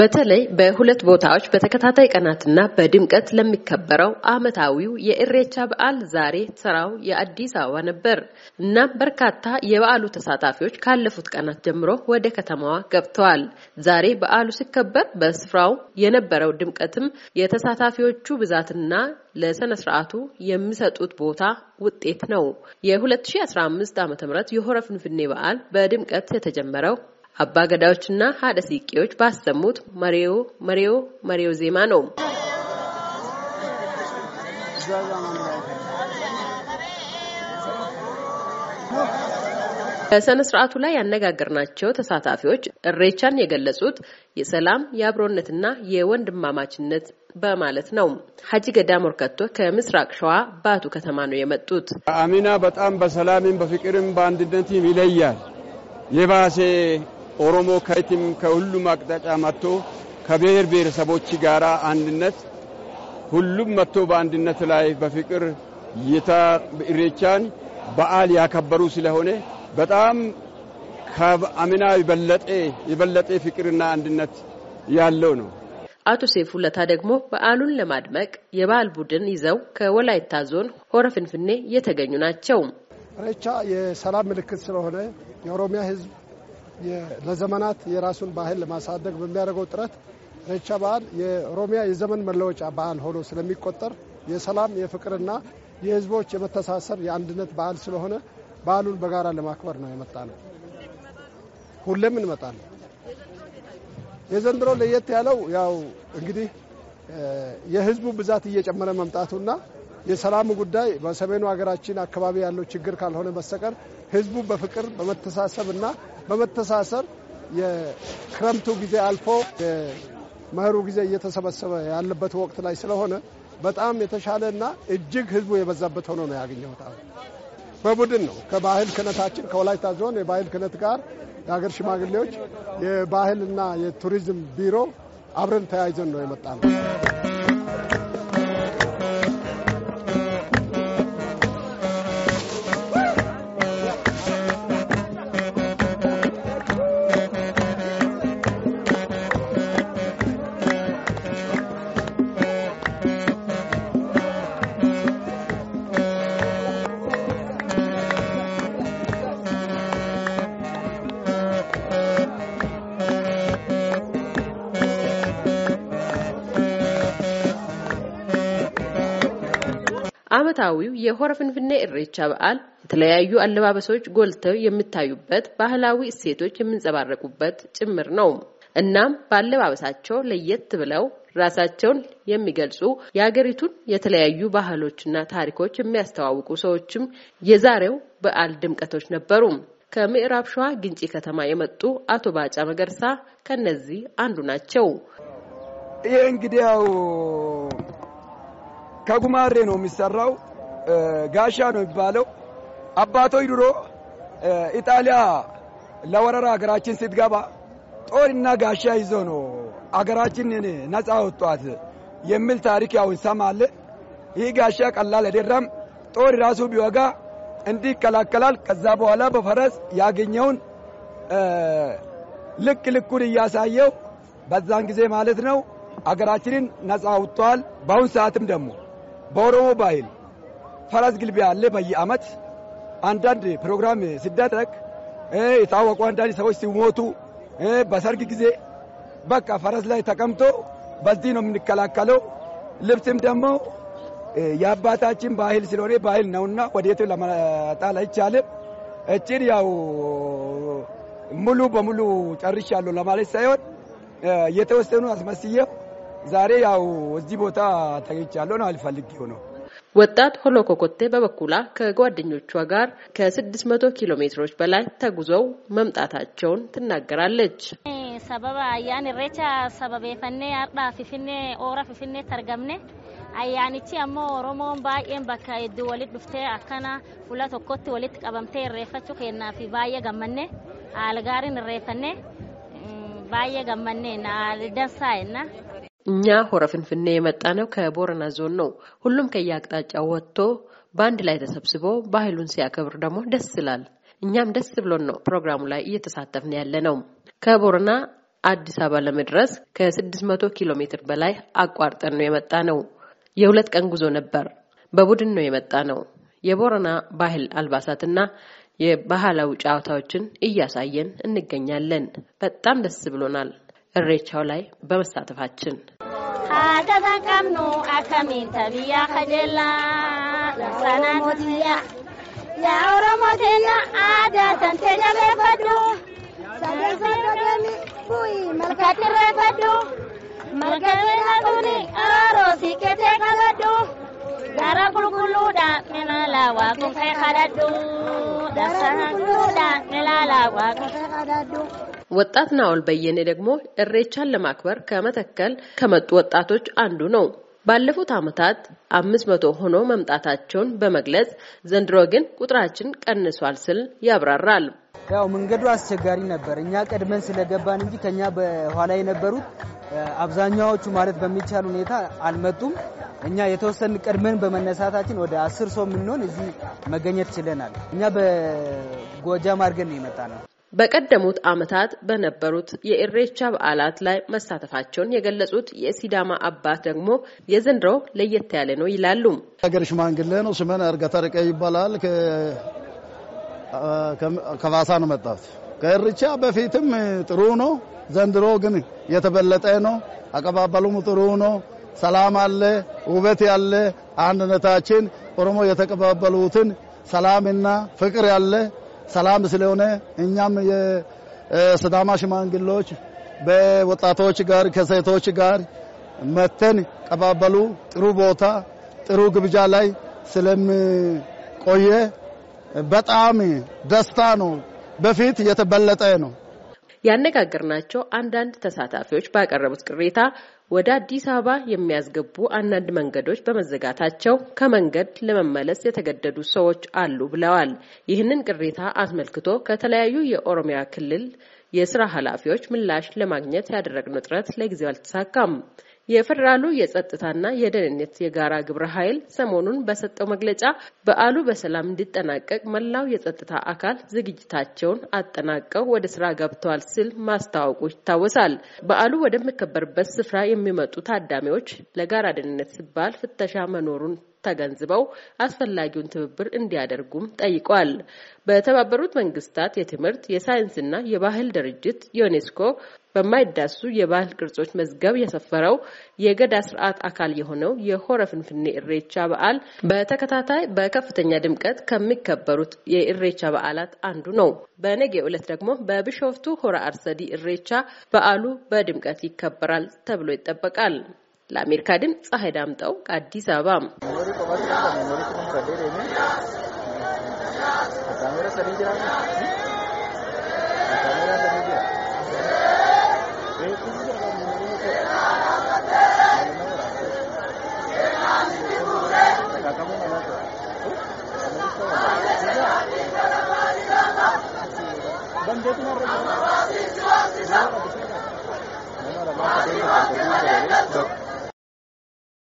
በተለይ በሁለት ቦታዎች በተከታታይ ቀናትና በድምቀት ለሚከበረው ዓመታዊው የኢሬቻ በዓል ዛሬ ስራው የአዲስ አበባ ነበር። እናም በርካታ የበዓሉ ተሳታፊዎች ካለፉት ቀናት ጀምሮ ወደ ከተማዋ ገብተዋል። ዛሬ በዓሉ ሲከበር በስፍራው የነበረው ድምቀትም የተሳታፊዎቹ ብዛትና ለስነ ስርዓቱ የሚሰጡት ቦታ ውጤት ነው። የ2015 ዓ.ም የሆረ ፍንፍኔ በዓል በድምቀት የተጀመረው አባገዳዎችና ሀደ ሲቄዎች ባሰሙት መሬው መሬው መሬው ዜማ ነው። በሰነ ስርዓቱ ላይ ያነጋገርናቸው ተሳታፊዎች እሬቻን የገለጹት የሰላም የአብሮነትና የወንድማማችነት በማለት ነው። ሀጂ ገዳ ሞርከቶ ከምስራቅ ሸዋ ባቱ ከተማ ነው የመጡት። አሚና በጣም በሰላምም በፍቅርም በአንድነትም ይለያል የባሴ ኦሮሞ ከየትም ከሁሉም አቅጣጫ መጥቶ ከብሔር ብሔረሰቦች ጋር አንድነት ሁሉም መጥቶ በአንድነት ላይ በፍቅር ኢሬቻን በዓል ያከበሩ ስለሆነ በጣም ከአምና የበለጠ ፍቅርና አንድነት ያለው ነው። አቶ ሴፉ ለታ ደግሞ በዓሉን ለማድመቅ የበዓል ቡድን ይዘው ከወላይታ ዞን ሆረ ፍንፍኔ የተገኙ ናቸው። ኢሬቻ የሰላም ምልክት ስለሆነ የኦሮሚያ ሕዝብ ለዘመናት የራሱን ባህል ለማሳደግ በሚያደርገው ጥረት ኢሬቻ በዓል የኦሮሚያ የዘመን መለወጫ በዓል ሆኖ ስለሚቆጠር የሰላም የፍቅርና የህዝቦች የመተሳሰር የአንድነት በዓል ስለሆነ በዓሉን በጋራ ለማክበር ነው የመጣ ነው። ሁሌም እንመጣለን። የዘንድሮ ለየት ያለው ያው እንግዲህ የህዝቡ ብዛት እየጨመረ መምጣቱና የሰላሙ ጉዳይ በሰሜኑ ሀገራችን አካባቢ ያለው ችግር ካልሆነ በስተቀር ህዝቡ በፍቅር በመተሳሰብ እና በመተሳሰር የክረምቱ ጊዜ አልፎ የመኸሩ ጊዜ እየተሰበሰበ ያለበት ወቅት ላይ ስለሆነ በጣም የተሻለ እና እጅግ ህዝቡ የበዛበት ሆኖ ነው ያገኘሁት። በቡድን ነው ከባህል ክነታችን ከወላይታ ዞን የባህል ክነት ጋር የሀገር ሽማግሌዎች፣ የባህልና የቱሪዝም ቢሮ አብረን ተያይዘን ነው የመጣ ነው። ዓመታዊው የሆረ ፍንፍኔ ኢሬቻ በዓል የተለያዩ አለባበሶች ጎልተው የሚታዩበት፣ ባህላዊ እሴቶች የሚንጸባረቁበት ጭምር ነው። እናም በአለባበሳቸው ለየት ብለው ራሳቸውን የሚገልጹ የሀገሪቱን የተለያዩ ባህሎችና ታሪኮች የሚያስተዋውቁ ሰዎችም የዛሬው በዓል ድምቀቶች ነበሩ። ከምዕራብ ሸዋ ግንጪ ከተማ የመጡ አቶ ባጫ መገርሳ ከነዚህ አንዱ ናቸው። ይህ እንግዲህ ያው ከጉማሬ ነው የሚሰራው። ጋሻ ነው የሚባለው። አባቶች ድሮ ኢጣሊያ ለወረራ ሀገራችን ስትገባ ጦርና ጋሻ ይዞ ነው አገራችንን ነጻ ወጧት የሚል ታሪክ ያው ይሰማል። ይህ ጋሻ ቀላል አይደለም። ጦር ራሱ ቢወጋ እንዲህ ይከላከላል። ከዛ በኋላ በፈረስ ያገኘውን ልክ ልኩን እያሳየው በዛን ጊዜ ማለት ነው አገራችንን ነጻ አውጥቷል። በአሁን ሰዓትም ደግሞ በኦሮሞ ባህል ፈረስ ግልቢያ አለ። በየአመት አንዳንድ ፕሮግራም ሲደረግ የታወቁ አንዳንድ ሰዎች ሲሞቱ በሰርግ ጊዜ በቃ ፈረስ ላይ ተቀምጦ በዚህ ነው የምንከላከለው። ልብስም ደግሞ የአባታችን ባህል ስለሆነ ባህል ነውና ወደቱ ለመጣል አይቻልም። እችን ያው ሙሉ በሙሉ ጨርሻለሁ ለማለት ሳይሆን የተወሰኑ አስመስየው ዛሬ ያው እዚህ ቦታ ተገኝቻለሁ ነው አልፈልግ ነው። ወጣት ሆሎ ኮኮቴ በበኩላ ከጓደኞቿ ጋር ከ600 ኪሎ ሜትሮች በላይ ተጉዘው መምጣታቸውን ትናገራለች። ሰበብ አያን ሬቻ ሰበቤፈኔ አርዳ ፊፊኔ ኦራ ፊፊኔ ተርገምኔ አያንቺ አሞ ኦሮሞን ባየን በካ ድ ወሊድ ዱፍቴ አካና ሁላ ተኮቲ ወሊድ ቀበምቴ ሬፈቹ ከና ፊ ባየ ገመኔ አልጋሪን ሬፈኔ ባየ ገመኔ ና ደንሳይና እኛ ሆረ ፍንፍኔ የመጣ ነው ከቦረና ዞን ነው። ሁሉም ከየአቅጣጫው ወጥቶ በአንድ ላይ ተሰብስቦ ባህሉን ሲያከብር ደግሞ ደስ ይላል። እኛም ደስ ብሎን ነው ፕሮግራሙ ላይ እየተሳተፍን ያለ ነው። ከቦረና አዲስ አበባ ለመድረስ ከ600 ኪሎ ሜትር በላይ አቋርጠን ነው የመጣ ነው። የሁለት ቀን ጉዞ ነበር። በቡድን ነው የመጣ ነው። የቦረና ባህል አልባሳትና የባህላዊ ጨዋታዎችን እያሳየን እንገኛለን። በጣም ደስ ብሎናል እሬቻው ላይ በመሳተፋችን haadhasan qabnu akkamiin tabiyaa kajeella laksanaa mootiya yaa oromoo teenya aadaatan teenya beeffadhu sadarsaa dabeemi bu'i malkaatti reeffadhu malkaatti haquni aroosii keetee gara qulqulluudhaan minaalaa waa kufee kadhadhu laksanaa qulqulluudhaan minaalaa waa kufee kadhadhu. ወጣት ናኦል በየኔ ደግሞ እሬቻን ለማክበር ከመተከል ከመጡ ወጣቶች አንዱ ነው። ባለፉት ዓመታት አምስት መቶ ሆኖ መምጣታቸውን በመግለጽ ዘንድሮ ግን ቁጥራችን ቀንሷል ስል ያብራራል። ያው መንገዱ አስቸጋሪ ነበር። እኛ ቀድመን ስለገባን እንጂ ከኛ በኋላ የነበሩት አብዛኛዎቹ ማለት በሚቻል ሁኔታ አልመጡም። እኛ የተወሰን ቀድመን በመነሳታችን ወደ አስር ሰው የምንሆን እዚህ መገኘት ችለናል። እኛ በጎጃም አድርገን ነው የመጣ ነው። በቀደሙት ዓመታት በነበሩት የኢሬቻ በዓላት ላይ መሳተፋቸውን የገለጹት የሲዳማ አባት ደግሞ የዘንድሮ ለየት ያለ ነው ይላሉ። ሀገር ሽማግሌ ነው። ስሜን እርገተርቀ ይባላል። ከባሳ ነው መጣት። ከኢሬቻ በፊትም ጥሩ ነው። ዘንድሮ ግን የተበለጠ ነው። አቀባበሉም ጥሩ ነው። ሰላም አለ፣ ውበት ያለ አንድነታችን ኦሮሞ የተቀባበሉትን ሰላምና ፍቅር ያለ ሰላም ስለሆነ እኛም የስዳማ ሽማግሌዎች በወጣቶች ጋር ከሴቶች ጋር መተን ቀባበሉ ጥሩ ቦታ ጥሩ ግብዣ ላይ ስለምቆየ በጣም ደስታ ነው። በፊት የተበለጠ ነው። ያነጋገርናቸው አንዳንድ ተሳታፊዎች ባቀረቡት ቅሬታ ወደ አዲስ አበባ የሚያስገቡ አንዳንድ መንገዶች በመዘጋታቸው ከመንገድ ለመመለስ የተገደዱ ሰዎች አሉ ብለዋል። ይህንን ቅሬታ አስመልክቶ ከተለያዩ የኦሮሚያ ክልል የስራ ኃላፊዎች ምላሽ ለማግኘት ያደረግነው ጥረት ለጊዜው አልተሳካም። የፌዴራሉ የጸጥታና የደህንነት የጋራ ግብረ ኃይል ሰሞኑን በሰጠው መግለጫ በዓሉ በሰላም እንዲጠናቀቅ መላው የጸጥታ አካል ዝግጅታቸውን አጠናቀው ወደ ስራ ገብተዋል ሲል ማስታወቁ ይታወሳል። በዓሉ ወደሚከበርበት ስፍራ የሚመጡ ታዳሚዎች ለጋራ ደህንነት ሲባል ፍተሻ መኖሩን ተገንዝበው አስፈላጊውን ትብብር እንዲያደርጉም ጠይቋል። በተባበሩት መንግስታት የትምህርት የሳይንስና የባህል ድርጅት ዩኔስኮ በማይዳሱ የባህል ቅርጾች መዝገብ የሰፈረው የገዳ ስርዓት አካል የሆነው የሆረ ፍንፍኔ እሬቻ በዓል በተከታታይ በከፍተኛ ድምቀት ከሚከበሩት የእሬቻ በዓላት አንዱ ነው። በነጌ ዕለት ደግሞ በቢሾፍቱ ሆረ አርሰዲ እሬቻ በዓሉ በድምቀት ይከበራል ተብሎ ይጠበቃል። ለአሜሪካ ድምፅ ፀሐይ ዳምጠው ከአዲስ አበባ። Thank you.